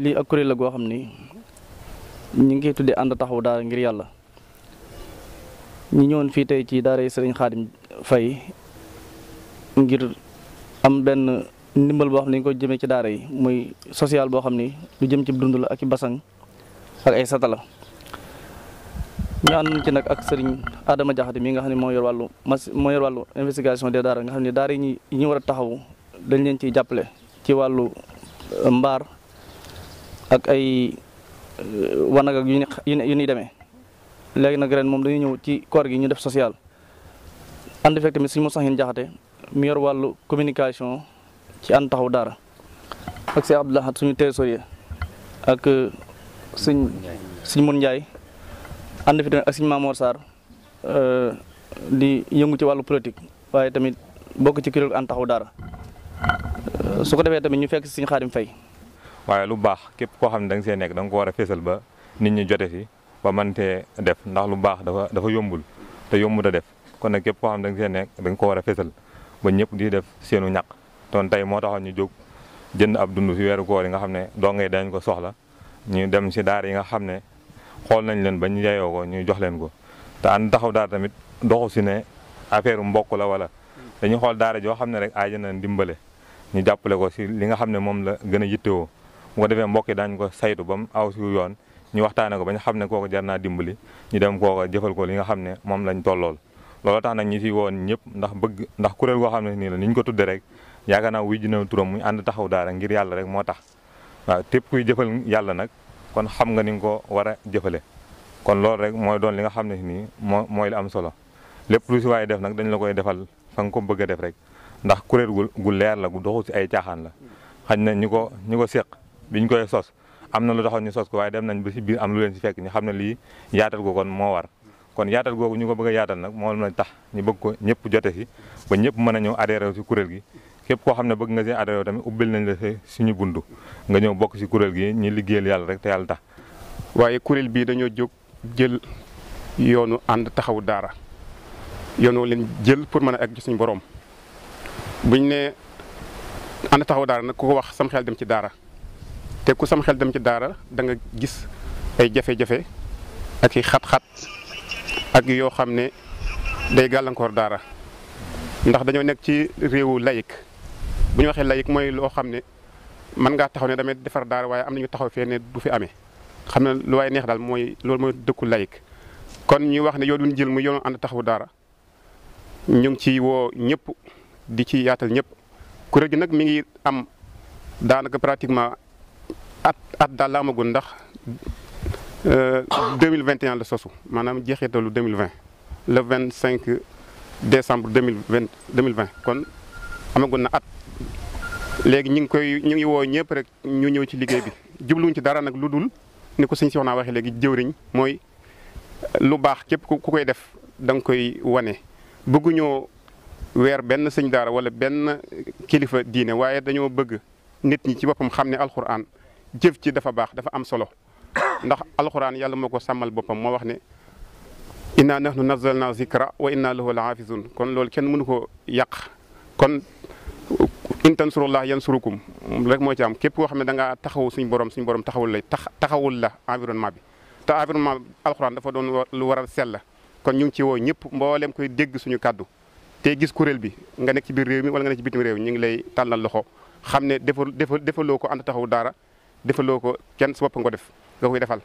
lii ak kuréel la goo xam ni ñu ngi tuddee ànd taxaw daara ngir yàlla ñu ñëwoon fii tey ci daara Serigne Khadim fay ngir am benn ndimbal boo xam ne dañ ko jëmee ci daara yi muy social boo xam ni lu jëm ci dund la ak i basang ak ay satala ñu ànd ci nag ak sëriñ Adama Diakhaté mi nga xam ne mooy yor wàllu mas moo wàllu investigation de daara nga xam ne daara yi ñu war a taxawu dañ leen ciy jàppale ci wàllu mbaar ak ay euh, wanag ak yu yu ñuy demee léegi nag ren moom dañuy ñëw ci koor gi ñu def social ànd fekk tamit suñu Moussa Ngine Jaxate mu yor wàllu communication ci an taxaw dara ak si Abdou Lahad suñu ak euh, suñ suñ Mun Njaay ànd fi tamit ak suñ Mamoor Sarr euh, di yëngu ci wàllu politique waaye tamit bokk ci kuréel ànd taxaw daara su ko defee tamit ñu fekk siñ suñ Xaadim Fay waaye lu baax képp koo xam ne da see nekk da ko war a feesal ba nit ñi jote fi ba mën tee def ndax lu baax dafa dafa yombul te yombut a def kon nag képp koo xam ne dang nga nekk da ko war a feesal ba ñëpp di def seenu ñaq ton tey moo taxoon ñu jóg jënd ab dundu si weeru koor yi nga xam ne dongay dañ ko soxla ñu dem si daar yi nga xam ne xool nañ leen ba ñu yeyoo ko ñu jox leen ko te an taxaw daara tamit doxu si ne affaire mbokk la wala dañu xool daar joo xam ne rek aaja na ndimbale ñu jàppale ko si li nga xam ne moom la gën a yittewoo bu ko defee mbokk yi daañu ko saytu ba mu aw si yoon ñu waxtaanee ko ba ñu xam ne kooku jar naa dimbali ñu dem kooku jëfal ko li nga xam ne moom lañ tollool loolu tax nag ñi fi woon ñëpp ndax bëgg ndax kuréel goo xam ne nii la ni ñu ko tudde rek yaakaar naa wuy jina turam muy ànd taxaw daara ngir yàlla rek moo tax tépp kuy jëfal yàlla nag kon xam nga ni nga ko war a jëfale kon loolu rek mooy doon li nga xam ne nii moo mooy li am solo lépp lu si waaye def nag dañ la koy defal fa nga bëgg a def rek ndax kuréel gu leer la gu doxu si ay caaxaan la xañ na ñi ko ñi ko séq biñ koy sos am na lu taxoon ñu sos ko waaye dem nañ ba si biir am lu leen si fekk ñu xam ne lii yaatal ko kon moo war kon yaatal googu ñu ko bëgg yaatal nag moom lañ tax ñu bëgg ko ñëpp jote si ba ñëpp mën a ñëw adhéré si kuréel gi képp koo xam ne bëgg nga si adhéré tamit ubbil nañ la suñu buntu nga ñëw bokk si kuréel gi ñu liggéeyal yàlla rek te yàlla tax waaye kuréel bii dañoo jóg jël yoonu ànd taxawu daara yoonoo leen jël pour mën a egg ci suñu borom buñ ne ànd taxaw daara nag ku ko wax sam xel dem ci daara te ku sam xel dem ci daara danga gis ay jafe-jafe ak i xat-xat ak yoo xam ne day gàllankoor daara ndax dañoo nekk ci réewu laïc bu ñu waxee laïc mooy loo xam ne mën ngaa taxaw ne damay defar daara waaye am nañu taxaw fee ne du fi amee xam ne lu waaye neex daal mooy loolu mooy dëkku laïc kon ñuy wax ne yoo duñ jël mu yoonu ànd taxawu daara ñu ngi ci woo ñëpp di ci yaatal ñëpp kuréel gi nag mi ngi am daanaka pratiquement at at daal la amagul ndax 2021 euh, la sosu maanaam jeexitalu 2020 le 25 décembre 2020 2020 kon amagul na at léegi ñu ngi koy ñu ngi woow ñëpp rek ñu ñëw ci liggéey bi jubluwuñ ci dara nag lu dul ni ko sëñ Soxna waxee léegi jëwriñ mooy lu baax képp ku koy def danga koy wane bëgguñoo weer benn sëñ daara wala benn kilifa diine waaye dañoo bëgg nit ñi ci boppam xam ne alxuraan jëf ci dafa baax dafa am solo ndax alxuraan yàlla moo ko sàmmal boppam moo wax ne inna nahnu nazzalna zikra wa inna lahu la hafizun kon loolu kenn mënu ko yàq kon in tansurullah yansurukum rek moo ci am képp koo xam ne da ngaa taxawu suñ borom suñ borom taxawul la tax taxawul la environnement bi te environnement alxuraan dafa doon lu waral sella kon ñu ngi ci woo ñëpp mbooleem koy dégg suñu kàddu te gis kuréel bi nga nekk ci biir réew mi wala ci bitim réew ñu ngi lay tàllal loxo xam ne defal defaloo ko ànd taxawu daara defaloo ko kenn su bopp ko def nga koy defal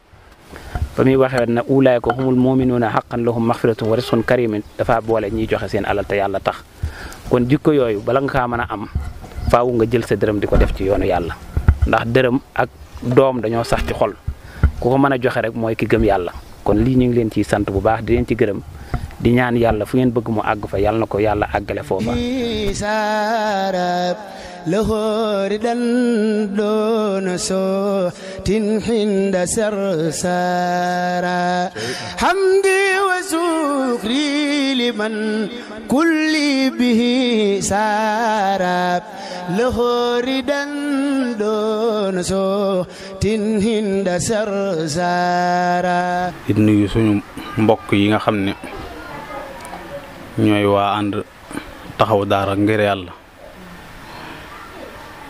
ba muy waxee na ko ulaayka humul muminuuna xaqan max maxfiratun wa rizqun karimin dafa boole ñiy joxe seen alal te yàlla tax kon jikko yooyu bala nga kaa mën a am faaw nga jël sa dërëm di ko def ci yoonu yàlla ndax dërëm ak doom dañoo sax ci xol ku ko mën a joxe rek mooy ki gëm yàlla kon lii ñu ngi leen ciy sant bu baax di leen ci gërëm di ñaan yàlla fu ngeen bëgg mu àgg fa yàlla na ko yàlla àggale foofa لهور دون سو تنحند سرسارا حمدي وسكري لمن كل به سارا لهور دون سو تنحند سرسارا ابن يوسف مبوك ييغا خامني ñooy waa ànd taxawu daara ngir yàlla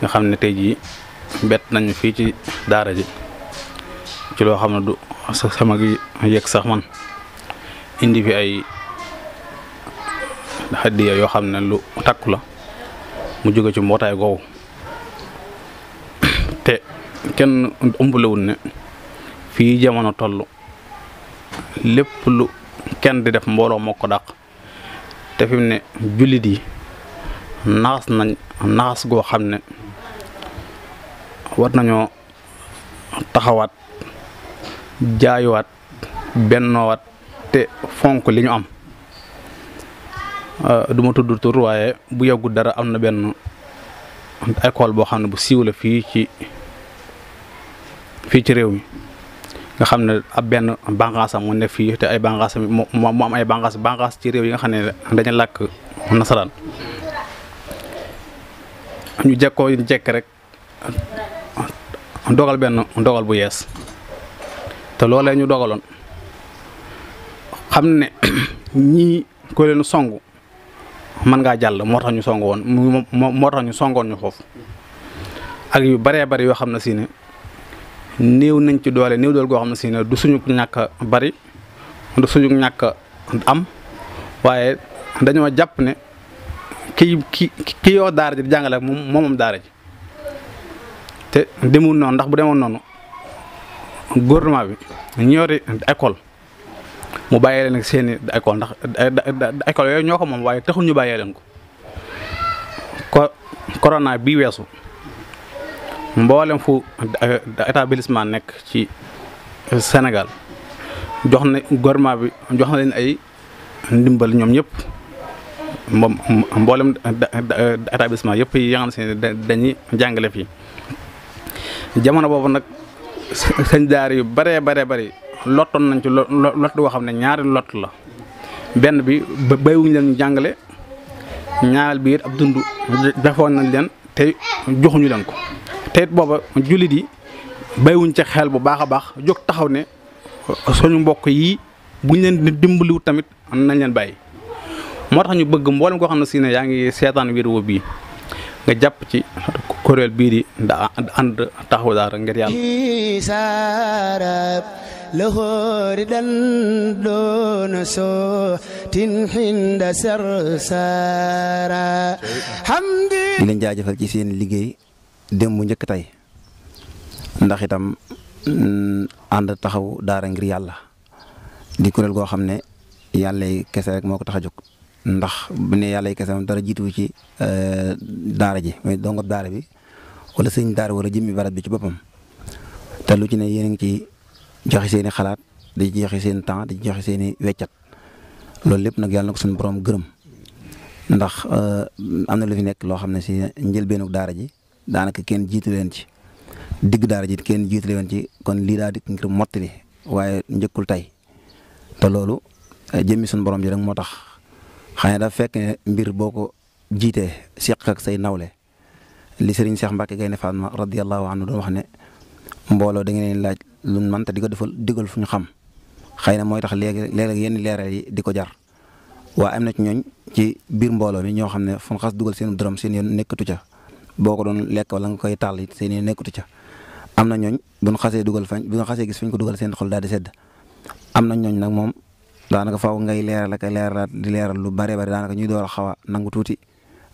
yo xam ne tey jii bett nañ fii ci daara ji ci loo xam ne du sama yëg sax man indi fi ay xaddiya yoo xam ne lu takku la mu jóge ci mbootaay googu te kenn umbulewul ne fi jamono toll lépp lu kenn di def mbooloo moo ko dàq te fi ne jullit yi naxas nañ naxas goo xam ne war nañoo taxawaat jaayuwaat bennoowaat te fonk li am euh, duma ma tudd tur waaye bu yàggu dara am na benn ecole boo xam ne bu siiw la fii ci fii ci réew mi nga xam ne a benn bànqaasam mu ne fii te ay bànqaasam mu mu am ay bànqaas bànqaas ci réew yi nga xam ne dañu làkk nasaraan ñu jekkoo jekk rek dogal benn ndogal bu yees te loolee ñu dogaloon xam ne ñii ko leen songu mën ngaa jàll moo tax ñu songu woon moo tax ñu songoon ñu foofu ak yu baree bari yoo xam na si néew nañ ci doole néew doole goo xam ne si du suñu ñàkk a bari du suñu ñàkk am waaye dañoo jàpp ne ki ki ki yor daara ji di jàngale moom moom daara ji te demul noonu ndax bu demoon noonu gouvernement bi ñoori école mu bàyyee leen seen i école ndax école yooyu ñoo ko moom waaye taxul ñu bàyyee leen ko ko corona bii weesu mboolem fu euh, établissement nekk ci euh, Sénégal jox na gouvernement bi jox na leen ay ndimbal ñoom ñëpp moom mboolem euh, établissement yëpp yi nga xam si ne jàngale fii jamono boobu nag sëñ daara yu baree baree bari lottoon nañ ci lot boo xam ne ñaari lot la benn bi béywuñu leen jàngale ñaareel bi ab dund defoon nañ leen te joxuñu leen ko te it booba jullit yi béywuñ ca xel bu baax a baax jóg taxaw ne suñu mbokk yi buñ leen di tamit tamit nañ leen bay moo tax ñu bëgg mboolem koo xam ne si ne yaa ngi seetaan vidéo bii nga jàpp ci kuréel bii di da ànd taxawu daara ngir yàlla. لهور دون سو تنحين دا سرسارا حمدي لين جاجفال ci seen liggéey démb njëkk tey ndax itam mm, ànd taxaw daara ngir yàlla di kuréel goo xam ne yàlla yi kese rek moo ko tax a jóg ndax bu ne yàlla yi kese moom dara jiitu ci eh, daara ji mooy dongob daara bi wala sëñ daara wala jëmmi barab bi ci boppam te lu ci ne yéen a ngi ci joxe seen i xalaat di joxe seen temps di joxe seen i weccat loolu lépp nag yàlla na ko suñu gërëm ndax eh, am na lu fi nekk loo xam ne si njëlbeenu daara ji. daanaka kenn jiitu leen ci digg daara ji kenn jiitu leen ci kon lii daa dikk ngir mottali waaye njëkkul tey te loolu eh, jëmmi suñu borom ji rek moo tax xëy na dafa fekk mbir boo ko jiitee seq ak say nawle lii sëriñ Cheikh Mbacke Gaynde Fatma radiyallahu anhu doon wax ne mbooloo da ngeen laaj lu man te di ko defal digal fu ñu xam xëy na mooy tax léegi léeg-léeg yenn leeral yi di ko jar. waa am na ci ñooñ ci biir mbooloo mi ñoo xam ne fu xas dugal seen dorom seen yoon nekkatu ca. boo ko doon lekk wala nga koy tàll it seen i nekkutu ca am na ñooñ bu ñu xasee dugal fañ bu ñu xasee gis fañ ko dugal seen xol daal di sedd am na ñooñ nag moom daanaka faw ngay leeral ak leeralaat di leeral lu bare bare daanaka ñuy door a xaw a nangu tuuti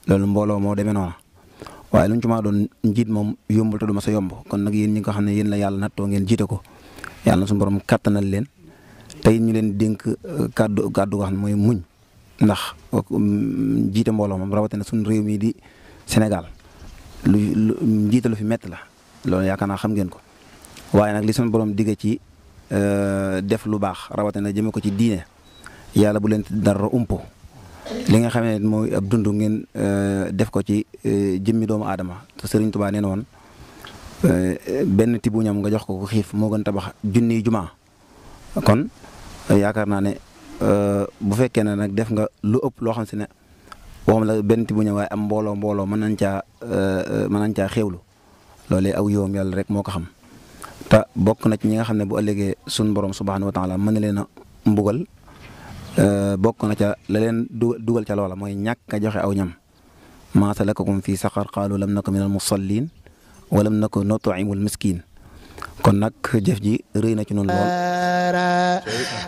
loolu mbooloo moo demee noonu waaye lu ñu ci maa doon njiit moom yombul te du ma sa yomb kon nag yéen ñi ko xam ne yéen la yàlla nattoo ngeen jiite ko yàlla na suñu borom kattanal leen tey ñu leen dénk euh, kàddu kàddu goo ne mooy muñ ndax euh, jiite mbooloo moom rawatina suñu réew mi di Sénégal lu njiita lu fi mett la loolu yaakaar naa xam ngeen ko waaye nag li soon borom digge ci euh, def lu baax rawatina jëme ko ci diine yàlla bu leen dara umpo li nga xam ne mooy ab dund ngeen euh, def ko ci euh, jëmmi doomu aadama te Sëriñ Tuubaa nee woon benn tibu ñam nga jox ko ko xiif moo gën tabax junni jumaa kon yaakaar naa ne bu fekkee ne nag def nga lu ëpp loo xam si ne waxam la benn bu ñëw waaye am mbooloo mbooloo mën nañ caa euh, euh, mën nañ caa xéwlu loolee aw yoom yàlla rek moo ko xam bokk na ci ñi nga xam ne bu ëllëgee suñ borom subhaanahu wa taala mën na leena a mbugal euh, bokk na ca la leen dugal ca loola mooy ñàkk joxe aw ñam maa salakakum fii saqar qaalu lam naku min al musallin walam naku nut'imul miskin kon nag jëf ji rëy na ci noonu lool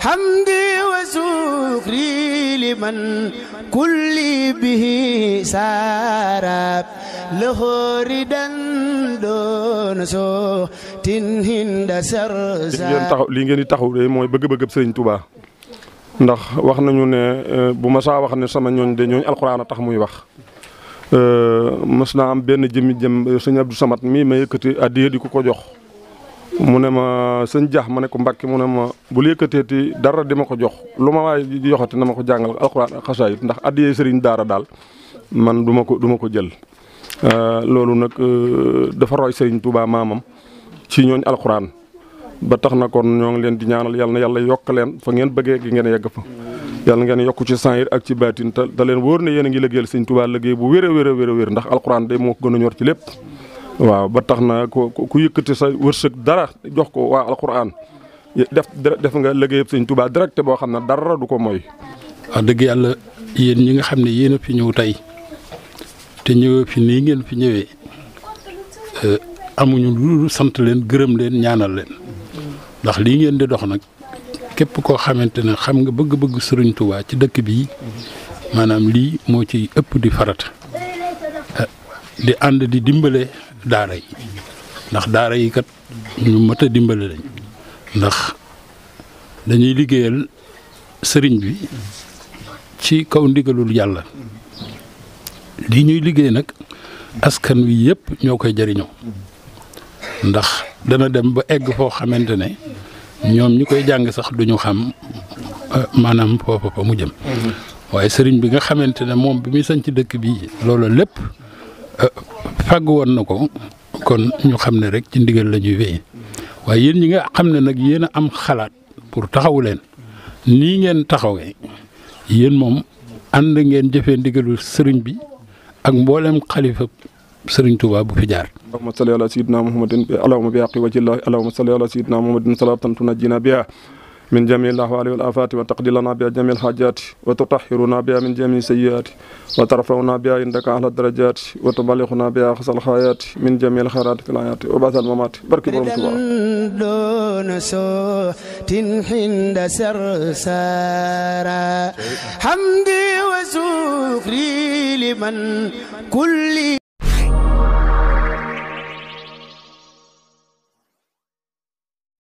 hamdi wa sukri liman kulli bihi sarab lahoridan doon soo tin hinda sar lii ngeen di taxaw de mooy bëgg-bëggab sëriñ tubaa ndax wax nañu ne euh, bu ma saa wax ne sama ñooñ de ñooñ alxuraan a tax muy wax euh, mës naa am benn jëmmi jëm sëñ Abdou Samad mii ma yëkkati addiya di ko ko jox mu ne ma sëñ jaax ma ne ko mbakki mu ne ma bu bul ti dara di ma ko jox lu ma waaye yoxati na ma ko jàngal alxuraan ak xasaayit ndax addiyee sëriñ daara daal man duma ko duma ko jël. Euh, loolu nag euh, dafa roy sëriñ Touba maamam ci ñooñ alxuraan ba tax na kon ñoo ngi leen di ñaanal yàlla na yàlla yokk leen fa ngeen bëggee gi ngeen yegg fa. yàlla ngeen yokk ci saayir ak ci baatin te leen wóor ne yéen a ngi liggéeyal sëriñ Touba liggéey bu wér a wér a wér ndax alxuraan day moo waaw ba tax na ku ku yëkkati sa wërsëg dara jox ko waa alxuraan def def nga liggéeyub sëñ tubaa direct boo xam ne dara du ko mooy. wax dëgg yàlla yéen ñi nga xam ne yéen a fi ñëw tey te ñëwee fi nii ngeen fi ñëwee eh, amuñu lu sant leen gërëm leen ñaanal leen ndax lii ngeen di dox nag képp koo xamante ne xam nga bëgg-bëgg sëriñ Tuubaa ci dëkk bii maanaam lii moo ci ëpp di farat eh, di ànd di dimbale. daara yi ndax daara yi kat ñu mat dimbali dimbale ndax dañuy liggéeyal sëriñ bi ci kaw ndigalul yàlla li ñuy liggéey nag askan wi yëpp ñoo koy jariñoo ndax dana dem ba egg foo xamante ne ñoom ñu koy jàng sax duñu xam euh, maanaam foofa fa mu jëm mm-hmm. waaye sëriñ bi nga xamante ne moom bi muy sanc dëkk bi loolu lépp euh, fàgg woon na ko kon ñu xam ne rek ci ndigal la ñuy wéy waaye yéen ñi nga xam ne nag yéen a am xalaat pour taxawu leen nii ngeen taxawee yéen moom ànd ngeen jëfee ndigalu sëriñ bi ak mboolem xalifa sëriñ Touba bu fi jaar. allahumma salli ala sayyidina muhammadin allahumma bi haqqi wajhillahi allahumma salli ala sayyidina muhammadin salatan tunajjina biha min jamii lahwaali wal afaati wa taqdi lanaa bihaa jamii alxaajaati wa tutahhirunaa bihaa min jamii sayyiaati wa tarfaunaa bihaa indaka ahla darajaati wa tuballighunaa bihaa aqsal xaayaati min jamii alxayraati fil hayaati wa ba'dal mamaati barki borom Tuuba doona sootin hinda sarsara hamdi wa sukri liman kulli